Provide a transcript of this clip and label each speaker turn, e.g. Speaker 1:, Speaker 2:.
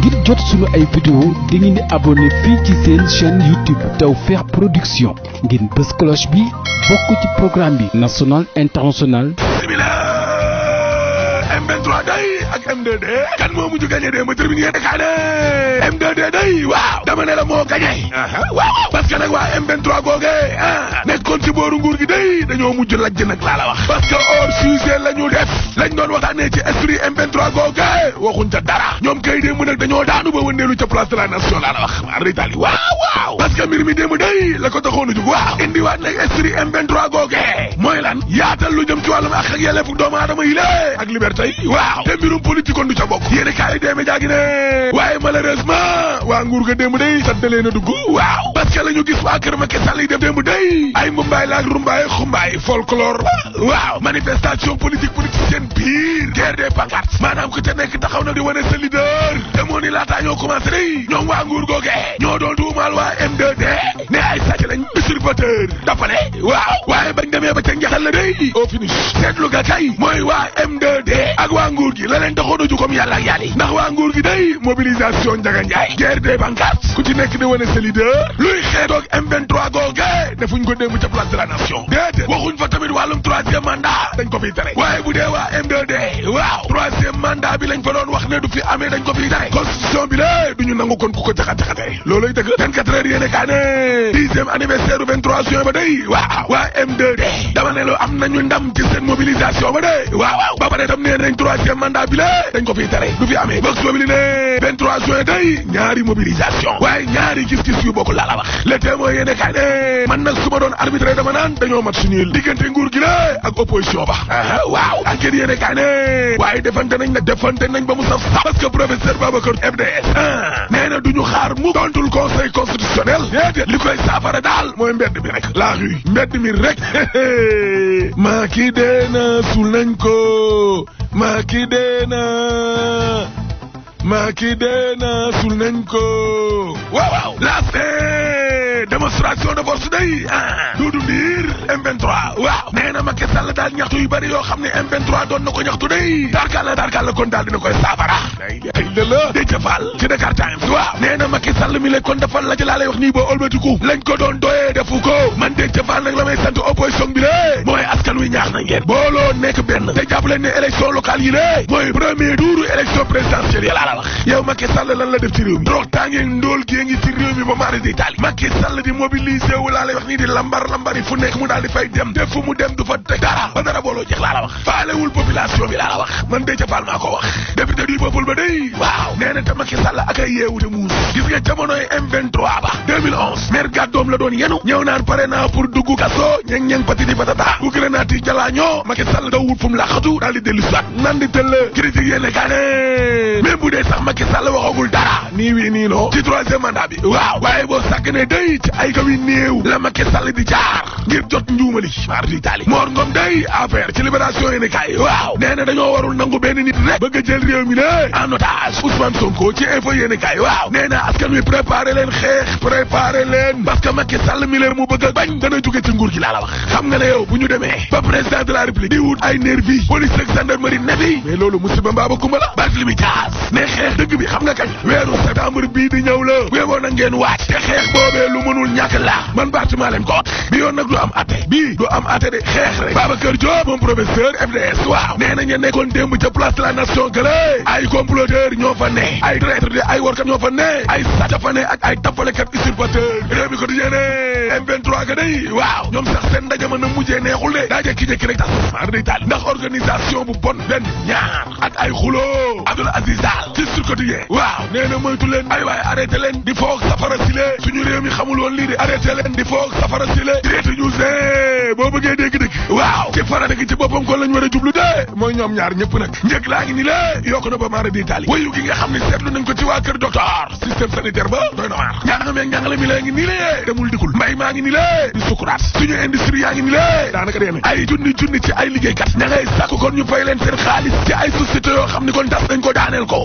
Speaker 1: ngir jot sunu ay vidéo di ngeen di abonné fii ci seen chaîne YouTube Tawfekh Production ngeen bës cloche bi bokk ci programme bi national international bismillah M23 day ak M2D kan moo mujj gagné dee ma terminé dakaane M2D waaw dama ne la moo gagné waaw parce nag waa m googe ah, nekkoon ci booru nguur gi day dañoo mujj lajj nag laa la wax parce que hors sujet def lañ doon waxtaanee ci esprit m googe waxuñ ca dara ñoom kay démb nag dañoo daanu ba wëndeelu ca place de la nation laa la wax arritali waaw waaw parce que mbir mi démb day la ko taxoonu jug waaw indiwaat nag esprit M23 googee mooy lan yaatal lu jëm ci wàllum ak ak yelleefu doomu aadama yi lée ak liberté yi waaw te mbirum politique kon ca bokk yéeni kaay déeme jaagi ne waaye malheureusement waa nguur ga démb day saddalee a dugg waaw parce que la ñu gis waa kër Macky Sall yi dem démb day ay mbumbaay laak rumbaay xumbaay folklore waaw manifestation politique politique seen nag di wane sa leader te moo ni laataa ñoo commencé day ñoom waa nguur googe ñoo doon tuumaal waa M2D ay sàcc lañ usurpateur dafa ne waaw yàlla day au finish seetlu ga kay mooy waa M2D ak waa nguur gi la leen taxoon a ju comme yàlla ak yàlla yi ndax waa nguur gi day mobilisation njaga njaay guerre des pancartes ku ci nekk di wane sa leader luy xeetoog M23 googe defuñ ko démb ca place de la nation déedéet waxuñ fa tamit wàllum troisième mandat dañ ko fiy tere waaye bu dee waa M2D waaw troisième mandat bi lañ fa doon wax ne du fi amee dañ ko fiy tere constitution bi la duñu nangu kon ku ko am nañu ndam ci seen mobilisation ba de waaw waaw ba pare tam nee nañ troisième mandat bi la dañ ko fiy tere du fi amee vox mobili ne 23 juin tey ñaari mobilisation waaye ñaari gis yu bokk laa la wax le témoin yéene kaay man nag su ma doon arbitré dama naan dañoo mat suñuy diggante nguur gi la ak opposition ba waaw enquête yéene kaay ne waaye defante nañ nag defante nañ ba mu saf sax parce que professeur Babacar FDS ah, nee na duñu xaar mu conseil constitutionnel déedéet li koy saafara daal mi rek la rue mbedd mi rek maa ki dee na sul nañ maa ki dee na Macky dee na sul nañ ko waaw waaw laas démonstration de force day ah Doudou Ndir M23 waaw nee na Macky Sall daal ñaxtu yu bëri yoo xam ne M23 doon na ko ñaxtu day darkalla darkalla kon daal dina koy saafara day da la Déthié Fall ci Dakar Times waaw nee na Macky Sall mi la kon dafa la jëlaa lay wax nii boo ëlbatiku lañ ko doon doyee defu ko man Déthié Fall nag la may sant opposition bi de mooy askan jaax na ngeen booloo nekk benn te jàpp ne élection locale yi lée mooy premier tour élection présidentielle yàlla la wax yow Macky Sall lan la def ci réew mi droog tàngee ndóol gée ngi ci réew mi ba maari di taali Macky Sall di mobiliser laa lay wax nii lambar lambar yi fu nekk mu daal di fay dem te fu mu dem du fa teg dara ba dara booloo jeex laa la wax faalewul population bi laa la wax man de ca faal maa ko wax peuple ba day waaw nee na te Macky Sall ak ay yeewute muus gis nga jamonoy M23 ba 2011 maire gàddoom la doon yenu ñëw naan pare naa pour dugg kaso ñeng ñeng patiti patata bu grenade dañoo warul nangu benn nit rek bëgg jël réew mi en otage Ousmane Sonko ci info yéen kaay waaw nee na wi préparé leen xeex préparé leen parce que Macky Sall mu bëgg a bañ dana jóge nguur gi laa wax xam nga ne bu ñu demee ba président de la république di wut ay nervi police ak gendarmerie nefi mais loolu musiba mbaaba kumba la bas ne xeex dëgg bi xam na kañ weeru septembre bii di ñëw la bu na ngeen waaj te xeex boobee lu mënul ñàkk laa man Barthélémy leen ko wax bi yoon nag du am atte bi du am atte de xeex rek Babacar Diop moom professeur FDS waaw nee na ngeen nekkoon démb ca place de la nation gëlé ay comploteur ñoo fa ne ay traître de ay warkat ñoo fa ne ay sàcc fa ne ak ay tapalekat usurpateur réew mi quotidien M23 ga day waaw ñoom sax seen ndaje mën na mujjee neexul de daa jekki-jekki ay xuloo Abdoul Aziz Daal ci Sud Quotidien waaw nee na moytu leen ay waay foog safara si lee suñu réew xamul woon lii de arrêté di foog safara si bëggee dégg waaw ci farata gi ci boppam kon lañ war jublu de mooy ñoom ñaar ñëpp nag njëg laa ngi ni lée yokku na ba maara di taali wayu gi nga xam seetlu nañ ko ci waa kër docteur système sanitaire ba doy na waar njàng meeg njàngale mi lée ngi nii lée demul dikul mbay maa ngi ni lée di sukuraat suñu industrie yaa ngi ni lée daanaka dee ay junni junni ci ay liggéeykat ña ngay sàkk kon ñu fay leen seen ci ay société yoo xam ni kon tas nañ ko